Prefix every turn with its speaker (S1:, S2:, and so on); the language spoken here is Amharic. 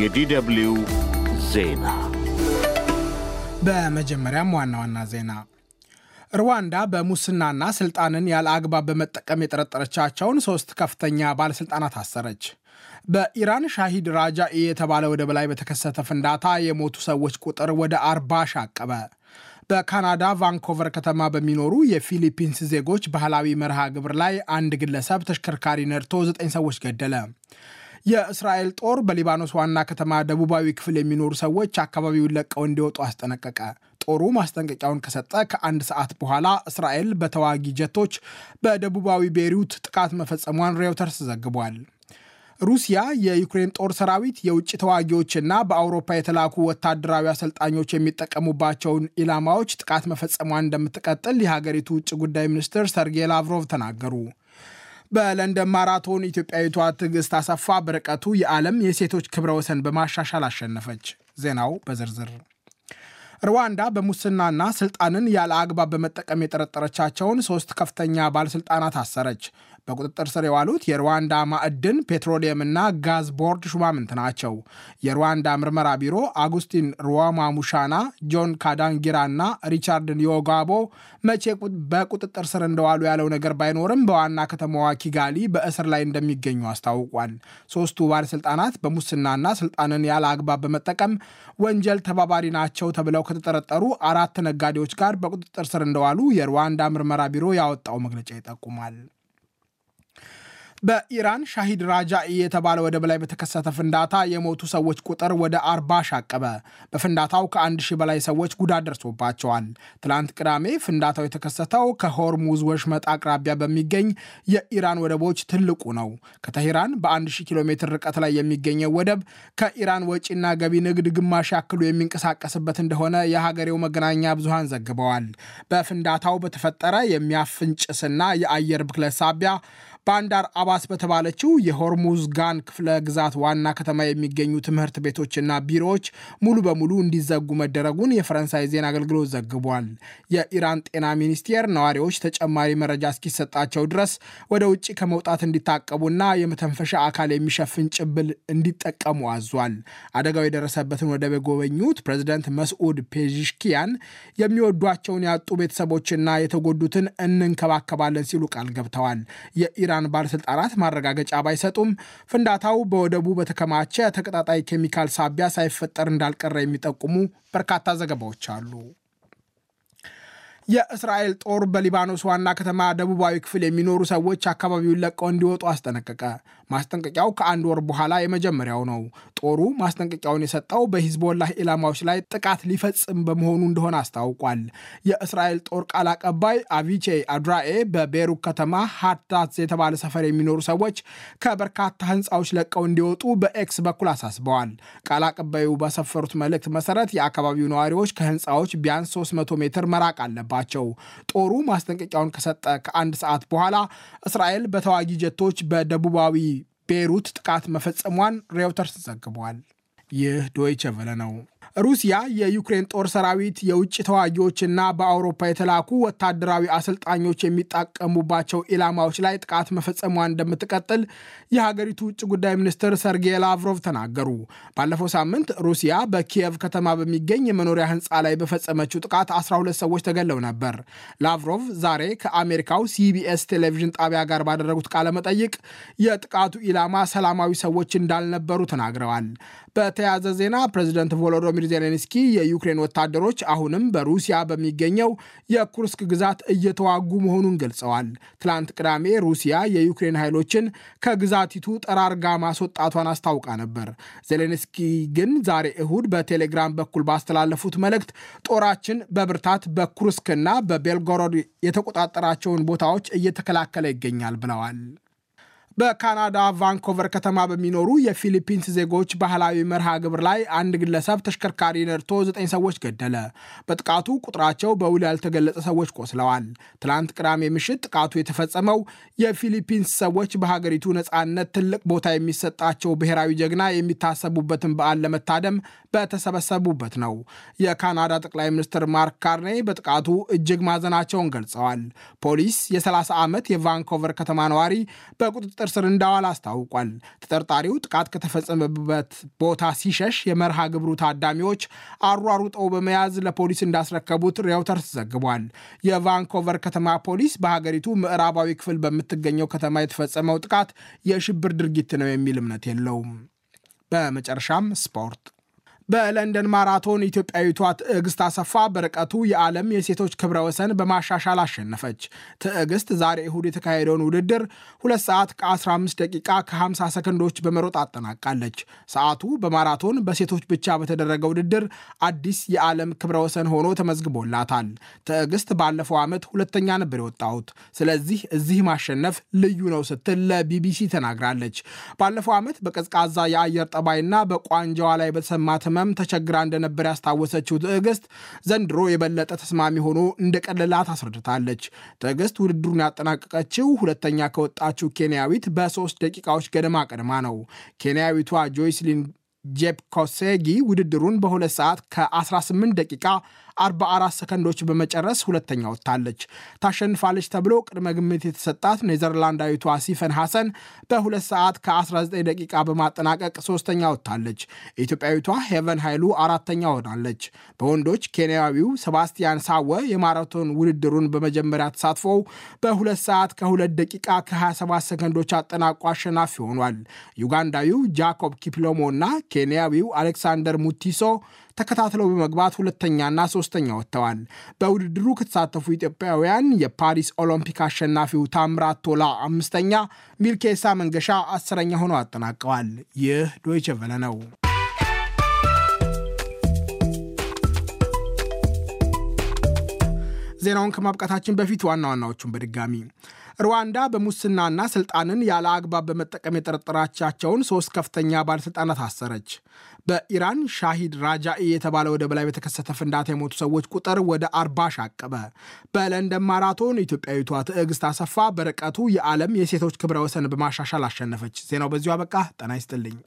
S1: የዲደብሊው ዜና በመጀመሪያም ዋና ዋና ዜና ሩዋንዳ በሙስናና ስልጣንን ያለ አግባብ በመጠቀም የጠረጠረቻቸውን ሶስት ከፍተኛ ባለሥልጣናት አሰረች። በኢራን ሻሂድ ራጃኢ የተባለ ወደብ ላይ በተከሰተ ፍንዳታ የሞቱ ሰዎች ቁጥር ወደ አርባ ሻቀበ። በካናዳ ቫንኮቨር ከተማ በሚኖሩ የፊሊፒንስ ዜጎች ባህላዊ መርሃ ግብር ላይ አንድ ግለሰብ ተሽከርካሪ ነድቶ ዘጠኝ ሰዎች ገደለ። የእስራኤል ጦር በሊባኖስ ዋና ከተማ ደቡባዊ ክፍል የሚኖሩ ሰዎች አካባቢውን ለቀው እንዲወጡ አስጠነቀቀ። ጦሩ ማስጠንቀቂያውን ከሰጠ ከአንድ ሰዓት በኋላ እስራኤል በተዋጊ ጀቶች በደቡባዊ ቤይሩት ጥቃት መፈጸሟን ሬውተርስ ዘግቧል። ሩሲያ የዩክሬን ጦር ሰራዊት የውጭ ተዋጊዎችና በአውሮፓ የተላኩ ወታደራዊ አሰልጣኞች የሚጠቀሙባቸውን ኢላማዎች ጥቃት መፈጸሟን እንደምትቀጥል የሀገሪቱ ውጭ ጉዳይ ሚኒስትር ሰርጌይ ላቭሮቭ ተናገሩ። በለንደን ማራቶን ኢትዮጵያዊቷ ትዕግስት አሰፋ በርቀቱ የዓለም የሴቶች ክብረ ወሰን በማሻሻል አሸነፈች። ዜናው በዝርዝር ሩዋንዳ በሙስናና ስልጣንን ያለ አግባብ በመጠቀም የጠረጠረቻቸውን ሶስት ከፍተኛ ባለስልጣናት አሰረች። በቁጥጥር ስር የዋሉት የሩዋንዳ ማዕድን ፔትሮሊየምና ጋዝ ቦርድ ሹማምንት ናቸው። የሩዋንዳ ምርመራ ቢሮ አጉስቲን ሩዋማ ሙሻና፣ ጆን ካዳንጊራና ሪቻርድ ኒዮጋቦ መቼ በቁጥጥር ስር እንደዋሉ ያለው ነገር ባይኖርም በዋና ከተማዋ ኪጋሊ በእስር ላይ እንደሚገኙ አስታውቋል። ሶስቱ ባለስልጣናት በሙስናና ስልጣንን ያለ አግባብ በመጠቀም ወንጀል ተባባሪ ናቸው ተብለው ከተጠረጠሩ አራት ነጋዴዎች ጋር በቁጥጥር ስር እንደዋሉ የሩዋንዳ ምርመራ ቢሮ ያወጣው መግለጫ ይጠቁማል። በኢራን ሻሂድ ራጃኢ የተባለ ወደብ ላይ በተከሰተ ፍንዳታ የሞቱ ሰዎች ቁጥር ወደ አርባ ሻቀበ። በፍንዳታው ከአንድ ሺህ በላይ ሰዎች ጉዳት ደርሶባቸዋል። ትላንት ቅዳሜ ፍንዳታው የተከሰተው ከሆርሙዝ ወሽመጥ አቅራቢያ በሚገኝ የኢራን ወደቦች ትልቁ ነው። ከተሄራን በ1000 ኪሎ ሜትር ርቀት ላይ የሚገኘው ወደብ ከኢራን ወጪና ገቢ ንግድ ግማሽ ያክሉ የሚንቀሳቀስበት እንደሆነ የሀገሬው መገናኛ ብዙሃን ዘግበዋል። በፍንዳታው በተፈጠረ የሚያፍን ጭስና የአየር ብክለት ሳቢያ ባንዳር አባስ በተባለችው የሆርሙዝ ጋን ክፍለ ግዛት ዋና ከተማ የሚገኙ ትምህርት ቤቶችና ቢሮዎች ሙሉ በሙሉ እንዲዘጉ መደረጉን የፈረንሳይ ዜና አገልግሎት ዘግቧል። የኢራን ጤና ሚኒስቴር ነዋሪዎች ተጨማሪ መረጃ እስኪሰጣቸው ድረስ ወደ ውጭ ከመውጣት እንዲታቀቡና የመተንፈሻ አካል የሚሸፍን ጭብል እንዲጠቀሙ አዟል። አደጋው የደረሰበትን ወደብ የጎበኙት ፕሬዚደንት መስዑድ ፔዥሽኪያን የሚወዷቸውን ያጡ ቤተሰቦችና የተጎዱትን እንንከባከባለን ሲሉ ቃል ገብተዋል። የኢራን ባለሥልጣናት ማረጋገጫ ባይሰጡም ፍንዳታው በወደቡ በተከማቸ ተቀጣጣይ ኬሚካል ሳቢያ ሳይፈጠር እንዳልቀረ የሚጠቁሙ በርካታ ዘገባዎች አሉ። የእስራኤል ጦር በሊባኖስ ዋና ከተማ ደቡባዊ ክፍል የሚኖሩ ሰዎች አካባቢውን ለቀው እንዲወጡ አስጠነቀቀ። ማስጠንቀቂያው ከአንድ ወር በኋላ የመጀመሪያው ነው። ጦሩ ማስጠንቀቂያውን የሰጠው በሂዝቦላህ ኢላማዎች ላይ ጥቃት ሊፈጽም በመሆኑ እንደሆነ አስታውቋል። የእስራኤል ጦር ቃል አቀባይ አቪቼ አድራኤ በቤሩክ ከተማ ሃዳትዝ የተባለ ሰፈር የሚኖሩ ሰዎች ከበርካታ ህንፃዎች ለቀው እንዲወጡ በኤክስ በኩል አሳስበዋል። ቃል አቀባዩ በሰፈሩት መልእክት መሰረት የአካባቢው ነዋሪዎች ከህንፃዎች ቢያንስ 300 ሜትር መራቅ አለበት አለባቸው። ጦሩ ማስጠንቀቂያውን ከሰጠ ከአንድ ሰዓት በኋላ እስራኤል በተዋጊ ጀቶች በደቡባዊ ቤይሩት ጥቃት መፈጸሟን ሬውተርስ ዘግቧል። ይህ ዶይቸ ነው። ሩሲያ የዩክሬን ጦር ሰራዊት የውጭ ተዋጊዎችና በአውሮፓ የተላኩ ወታደራዊ አሰልጣኞች የሚጣቀሙባቸው ኢላማዎች ላይ ጥቃት መፈጸሟ እንደምትቀጥል የሀገሪቱ ውጭ ጉዳይ ሚኒስትር ሰርጌይ ላቭሮቭ ተናገሩ። ባለፈው ሳምንት ሩሲያ በኪየቭ ከተማ በሚገኝ የመኖሪያ ህንፃ ላይ በፈጸመችው ጥቃት 12 ሰዎች ተገለው ነበር። ላቭሮቭ ዛሬ ከአሜሪካው ሲቢኤስ ቴሌቪዥን ጣቢያ ጋር ባደረጉት ቃለመጠይቅ የጥቃቱ ኢላማ ሰላማዊ ሰዎች እንዳልነበሩ ተናግረዋል። በተያያዘ ዜና ፕሬዚደንት ቮሎዶሚር ዜሌንስኪ የዩክሬን ወታደሮች አሁንም በሩሲያ በሚገኘው የኩርስክ ግዛት እየተዋጉ መሆኑን ገልጸዋል። ትላንት ቅዳሜ ሩሲያ የዩክሬን ኃይሎችን ከግዛቲቱ ጠራርጋ ማስወጣቷን አስታውቃ ነበር። ዜሌንስኪ ግን ዛሬ እሁድ በቴሌግራም በኩል ባስተላለፉት መልእክት ጦራችን በብርታት በኩርስክና በቤልጎሮድ የተቆጣጠራቸውን ቦታዎች እየተከላከለ ይገኛል ብለዋል። በካናዳ ቫንኮቨር ከተማ በሚኖሩ የፊሊፒንስ ዜጎች ባህላዊ መርሃ ግብር ላይ አንድ ግለሰብ ተሽከርካሪ ነድቶ ዘጠኝ ሰዎች ገደለ። በጥቃቱ ቁጥራቸው በውል ያልተገለጸ ሰዎች ቆስለዋል። ትላንት ቅዳሜ ምሽት ጥቃቱ የተፈጸመው የፊሊፒንስ ሰዎች በሀገሪቱ ነፃነት ትልቅ ቦታ የሚሰጣቸው ብሔራዊ ጀግና የሚታሰቡበትን በዓል ለመታደም በተሰበሰቡበት ነው። የካናዳ ጠቅላይ ሚኒስትር ማርክ ካርኔ በጥቃቱ እጅግ ማዘናቸውን ገልጸዋል። ፖሊስ የ30 ዓመት የቫንኮቨር ከተማ ነዋሪ በቁጥጥር በቁጥጥር ስር እንዳዋል አስታውቋል። ተጠርጣሪው ጥቃት ከተፈጸመበት ቦታ ሲሸሽ የመርሃ ግብሩ ታዳሚዎች አሯሩጠው በመያዝ ለፖሊስ እንዳስረከቡት ሬውተርስ ዘግቧል። የቫንኮቨር ከተማ ፖሊስ በሀገሪቱ ምዕራባዊ ክፍል በምትገኘው ከተማ የተፈጸመው ጥቃት የሽብር ድርጊት ነው የሚል እምነት የለውም። በመጨረሻም ስፖርት በለንደን ማራቶን ኢትዮጵያዊቷ ትዕግስት አሰፋ በርቀቱ የዓለም የሴቶች ክብረ ወሰን በማሻሻል አሸነፈች። ትዕግስት ዛሬ እሁድ የተካሄደውን ውድድር 2 ሰዓት ከ15 ደቂቃ ከ50 ሰከንዶች በመሮጥ አጠናቃለች። ሰዓቱ በማራቶን በሴቶች ብቻ በተደረገ ውድድር አዲስ የዓለም ክብረ ወሰን ሆኖ ተመዝግቦላታል። ትዕግስት ባለፈው ዓመት ሁለተኛ ነበር የወጣሁት፣ ስለዚህ እዚህ ማሸነፍ ልዩ ነው ስትል ለቢቢሲ ተናግራለች። ባለፈው ዓመት በቀዝቃዛ የአየር ጠባይና በቋንጃዋ ላይ በተሰማ ህመም ተቸግራ እንደነበር ያስታወሰችው ትዕግስት ዘንድሮ የበለጠ ተስማሚ ሆኖ እንደቀለላት አስረድታለች። ትዕግስት ውድድሩን ያጠናቀቀችው ሁለተኛ ከወጣችው ኬንያዊት በሶስት ደቂቃዎች ገደማ ቀድማ ነው። ኬንያዊቷ ጆይስሊን ጄፕኮሴጊ ውድድሩን በሁለት ሰዓት ከ18 ደቂቃ 44 ሰከንዶች በመጨረስ ሁለተኛ ወጥታለች። ታሸንፋለች ተብሎ ቅድመ ግምት የተሰጣት ኔዘርላንዳዊቷ ሲፈን ሐሰን በሁለት ሰዓት ከ19 ደቂቃ በማጠናቀቅ ሶስተኛ ወጥታለች። ኢትዮጵያዊቷ ሄቨን ኃይሉ አራተኛ ሆናለች። በወንዶች ኬንያዊው ሰባስቲያን ሳወ የማራቶን ውድድሩን በመጀመሪያ ተሳትፎው በሁለት ሰዓት ከ2 ደቂቃ ከ27 ሰከንዶች አጠናቆ አሸናፊ ሆኗል። ዩጋንዳዊው ጃኮብ ኪፕሎሞ እና ኬንያዊው አሌክሳንደር ሙቲሶ ተከታትለው በመግባት ሁለተኛና ሶስተኛ ወጥተዋል። በውድድሩ ከተሳተፉ ኢትዮጵያውያን የፓሪስ ኦሎምፒክ አሸናፊው ታምራት ቶላ አምስተኛ፣ ሚልኬሳ መንገሻ አስረኛ ሆነው አጠናቀዋል። ይህ ዶይቸ ቨለ ነው። ዜናውን ከማብቃታችን በፊት ዋና ዋናዎቹን በድጋሚ ሩዋንዳ በሙስናና ስልጣንን ያለ አግባብ በመጠቀም የጠረጠራቻቸውን ሶስት ከፍተኛ ባለሥልጣናት አሰረች። በኢራን ሻሂድ ራጃኢ የተባለ ወደብ ላይ በተከሰተ ፍንዳታ የሞቱ ሰዎች ቁጥር ወደ አርባ ሻቀበ። በለንደን ማራቶን ኢትዮጵያዊቷ ትዕግስት አሰፋ በርቀቱ የዓለም የሴቶች ክብረ ወሰን በማሻሻል አሸነፈች። ዜናው በዚሁ አበቃ። ጤና ይስጥልኝ።